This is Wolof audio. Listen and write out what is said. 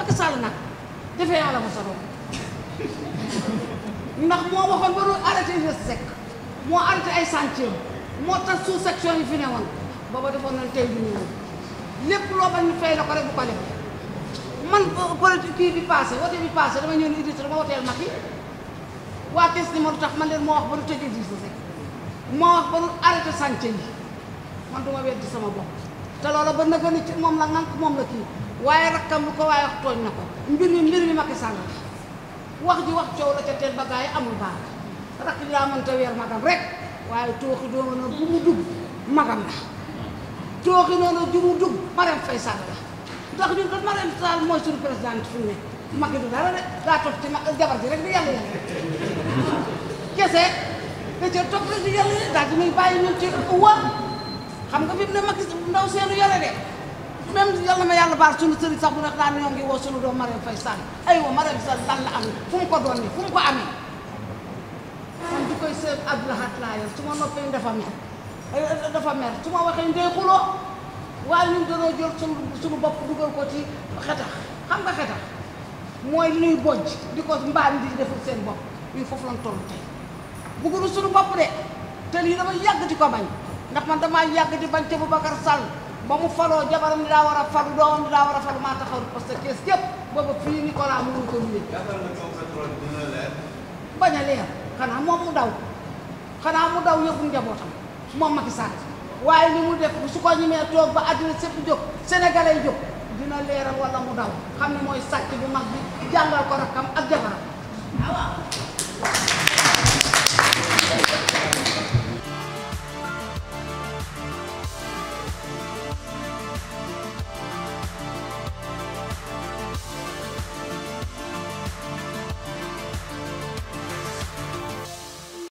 Macky Sall nag defee yàlla ma solo ndax moo waxoon ba doon arrêté Idrissa Seck moo arrêté ay chantier moo tax sous section yi fi ne woon booba defoon nañ tey du ñëw lépp loo bañ ñu fay la ko rek bu ko def man euh, politique kii bi passé wote bi passé dama ñëw ni Idrissa dama woteel Macky waa Thiès ni ma du tax man leen moo wax ba du tëj Idrissa Seck moo wax ba du arrêté chantier yi man duma weddi sama bopp te loola ba naka ni ci moom la ngank moom la kii waaye rakkam lu ko waaye wax tooñ na ko mbir mi mbir mi Macky Sall wax ji wax coow la ca teen ba gaa yi amul baax rakk ji daa mënta weer magam rek waaye tooxi doona na bu mu dugg magam la tooxi noonu la ndax ñun dafa Marème mooy suñu présidente fi mu ne Macky du dara rek daa toog ci ma jabar ji rek di yàlla yàlla kese da ca toog yàlla daal di muy bàyyi ñun ci war xam nga fi mu ne Macky ndaw seenu yore de même yàlla na yàlla baal suñu sëriñ sax bu nekk daan ñoo ngi woo suñu doom Mariam Faye Sall aywa Mariam Sall lan la am fu mu ko doon ni fu mu ko amee man di koy seet Abdoulahat laa yor su ma noppee dafa mer eh, dafa mer su ma waxee ndey xuloo waaye ñun dañoo jël suñu bopp dugal ko ci xetax xam nga xetax mooy luy bojj di ko mbaam di deful seen bopp ñun foofu lañ toll tey bugguñu suñu bopp de te lii dama yàgg di ko bañ ndax man damaa yàgg di bañ te Boubacar Sall ba mu faloo jabaram daa war a falu doomam daa war a falu maa taxaw parce que kees yëpp booba fii Nicolas mu ngi ko wéer. bañ a leer xanaa moom mu daw xanaa mu daw yóbbu njabootam moom Macky Sall waaye li mu def su ko ñemee toog ba àddina sépp jóg sénégalais jóg dina leeral wala mu daw xam ne mooy sàcc bu mag bi jàngal ko rakkam ak jabaram.